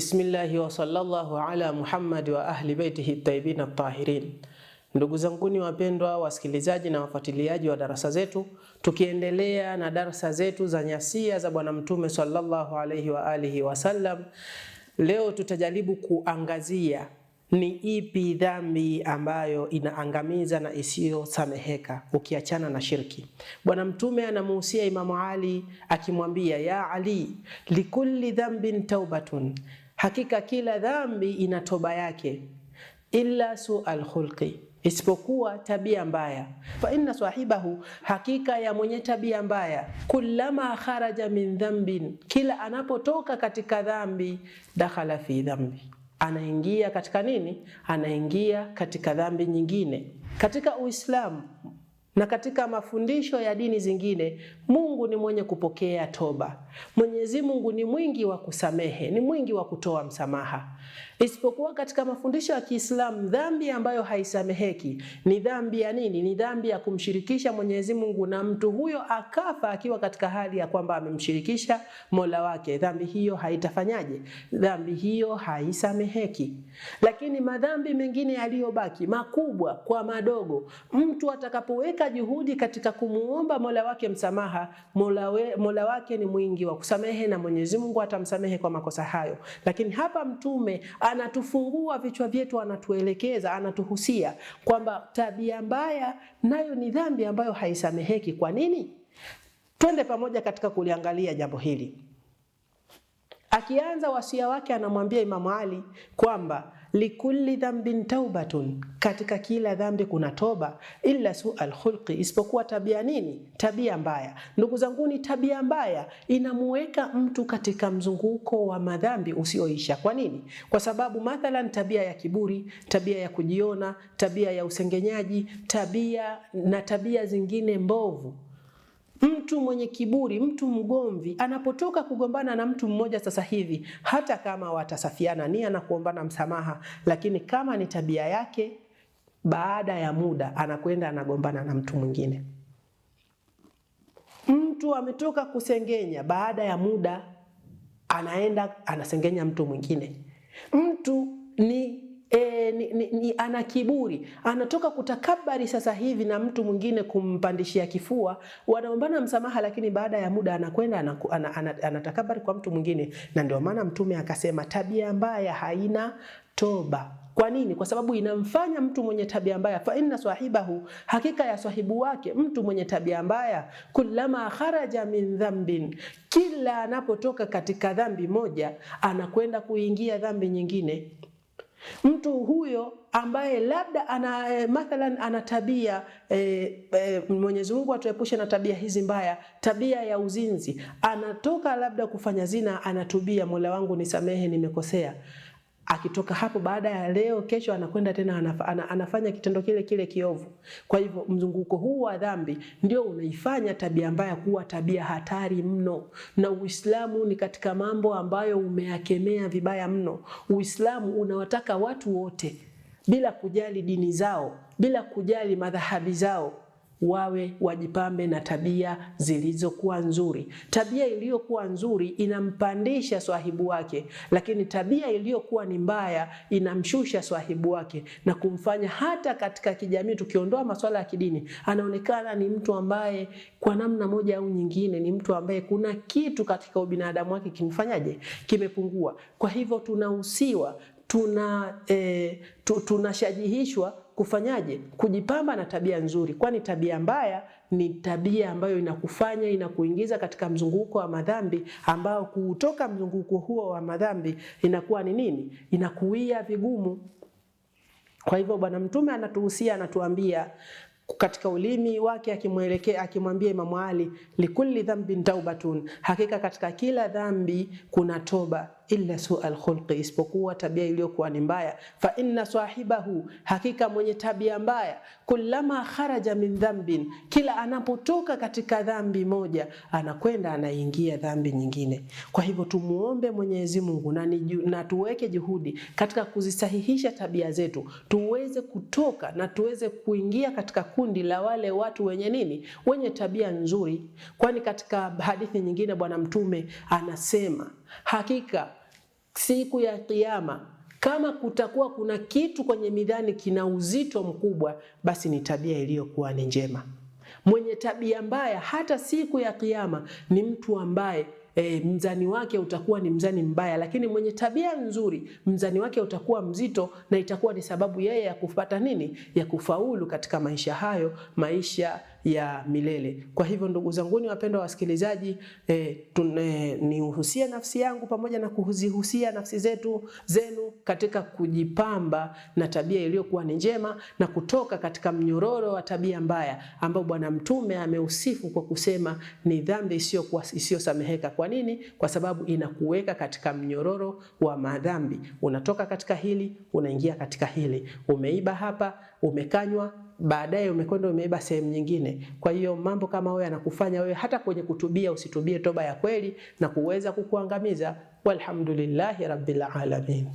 Bismillahi wa sallallahu ala Muhammad wa ahli baitihi tayyibin tahirin. Ndugu zanguni wapendwa wasikilizaji na wafuatiliaji wa darasa zetu, tukiendelea na darasa zetu za nyasia za Bwana Mtume sallallahu alayhi wa alihi wasallam, leo tutajaribu kuangazia ni ipi dhambi ambayo inaangamiza na isiyosameheka ukiachana na shirki. Bwana Mtume anamuhusia Imamu Ali akimwambia, ya Ali, likulli dhanbin taubatun Hakika kila dhambi ina toba yake, illa sual khulqi, isipokuwa tabia mbaya. Fa inna sahibahu, hakika ya mwenye tabia mbaya. Kullama kharaja min dhambin, kila anapotoka katika dhambi. Dakhala fi dhambi, anaingia katika nini? Anaingia katika dhambi nyingine. Katika Uislamu na katika mafundisho ya dini zingine, Mungu ni mwenye kupokea toba Mwenyezi Mungu ni mwingi wa kusamehe, ni mwingi wa kutoa msamaha. Isipokuwa katika mafundisho ya Kiislamu, dhambi ambayo haisameheki ni dhambi ya nini? Ni dhambi ya kumshirikisha Mwenyezi Mungu, na mtu huyo akafa akiwa katika hali ya kwamba amemshirikisha Mola wake. Dhambi hiyo haitafanyaje? Dhambi hiyo haisameheki. Lakini madhambi mengine yaliyobaki makubwa kwa madogo, mtu atakapoweka juhudi katika kumuomba Mola wake msamaha, Mola, we, Mola wake ni mwingi mwingi wa kusamehe na Mwenyezi Mungu atamsamehe kwa makosa hayo. Lakini hapa Mtume anatufungua vichwa vyetu, anatuelekeza, anatuhusia kwamba tabia mbaya nayo ni dhambi ambayo haisameheki. Kwa nini? Twende pamoja katika kuliangalia jambo hili. Akianza wasia wake, anamwambia Imamu Ali kwamba likulli dhambin taubatun, katika kila dhambi kuna toba. Illa su alkhulqi, isipokuwa tabia nini? Tabia mbaya. Ndugu zangu ni tabia mbaya inamuweka mtu katika mzunguko wa madhambi usioisha. Kwa nini? Kwa sababu mathalan, tabia ya kiburi, tabia ya kujiona, tabia ya usengenyaji, tabia na tabia zingine mbovu Mtu mwenye kiburi, mtu mgomvi, anapotoka kugombana na mtu mmoja sasa hivi, hata kama watasafiana nia na kuombana msamaha, lakini kama ni tabia yake, baada ya muda anakwenda anagombana na mtu mwingine. Mtu ametoka kusengenya, baada ya muda anaenda anasengenya mtu mwingine. Mtu ni e, ni, ni, ni, ana kiburi, anatoka kutakabari sasa hivi na mtu mwingine kumpandishia kifua, wanaombana msamaha, lakini baada ya muda anakwenda anatakabari ana, ana, ana kwa mtu mwingine. Na ndio maana Mtume akasema tabia mbaya haina toba. Kwa nini? Kwa sababu inamfanya mtu mwenye tabia mbaya, fa inna swahibahu, hakika ya swahibu wake, mtu mwenye tabia mbaya, kullama kharaja min dhambin, kila anapotoka katika dhambi moja anakwenda kuingia dhambi nyingine mtu huyo ambaye labda ana eh, mathalan ana tabia e, e, Mwenyezi Mungu atuepushe na tabia hizi mbaya, tabia ya uzinzi, anatoka labda kufanya zina, anatubia, Mola wangu nisamehe, nimekosea akitoka hapo baada ya leo, kesho anakwenda tena anafanya, anafanya kitendo kile kile kiovu. Kwa hivyo mzunguko huu wa dhambi ndio unaifanya tabia mbaya kuwa tabia hatari mno, na Uislamu ni katika mambo ambayo umeyakemea vibaya mno. Uislamu unawataka watu wote bila kujali dini zao, bila kujali madhahabi zao wawe wajipambe na tabia zilizokuwa nzuri. Tabia iliyokuwa nzuri inampandisha swahibu wake, lakini tabia iliyokuwa ni mbaya inamshusha swahibu wake na kumfanya hata katika kijamii, tukiondoa masuala ya kidini, anaonekana ni mtu ambaye kwa namna moja au nyingine ni mtu ambaye kuna kitu katika ubinadamu wake kimfanyaje, kimepungua. Kwa hivyo tunahusiwa tuna eh, tunashajihishwa kufanyaje? Kujipamba na tabia nzuri, kwani tabia mbaya ni tabia ambayo inakufanya inakuingiza katika mzunguko wa madhambi, ambao kutoka mzunguko huo wa madhambi inakuwa ni nini? Inakuia vigumu. Kwa hivyo Bwana Mtume anatuhusia, anatuambia katika ulimi wake akimwelekea akimwambia Imamu Ali, likulli dhanbin taubatun, hakika katika kila dhambi kuna toba illa sua alkhulqi, isipokuwa tabia iliyokuwa ni mbaya. Fa inna sahibahu, hakika mwenye tabia mbaya. Kullama kharaja min dhambin, kila anapotoka katika dhambi moja anakwenda anaingia dhambi nyingine. Kwa hivyo tumuombe Mwenyezi Mungu na, na tuweke juhudi katika kuzisahihisha tabia zetu tuweze kutoka na tuweze kuingia katika kundi la wale watu wenye nini, wenye tabia nzuri, kwani katika hadithi nyingine Bwana Mtume anasema hakika siku ya Kiyama, kama kutakuwa kuna kitu kwenye midhani kina uzito mkubwa, basi ni tabia iliyokuwa ni njema. Mwenye tabia mbaya hata siku ya Kiyama ni mtu ambaye E, mzani wake utakuwa ni mzani mbaya, lakini mwenye tabia nzuri mzani wake utakuwa mzito na itakuwa ni sababu yeye ya kupata nini, ya kufaulu katika maisha hayo, maisha ya milele. Kwa hivyo ndugu zanguni wapendwa wasikilizaji, e, eh, tune, eh, niuhusie nafsi yangu pamoja na kuzihusia nafsi zetu zenu katika kujipamba na tabia iliyokuwa ni njema na kutoka katika mnyororo wa tabia mbaya ambao Bwana Mtume ameusifu kwa kusema ni dhambi isiyokuwa isiyosameheka. Kwa nini? Kwa sababu inakuweka katika mnyororo wa madhambi, unatoka katika hili unaingia katika hili, umeiba hapa, umekanywa baadaye umekwenda umeiba sehemu nyingine. Kwa hiyo mambo kama hayo yanakufanya wewe hata kwenye kutubia usitubie toba ya kweli na kuweza kukuangamiza. Walhamdulillahi rabbil alamin.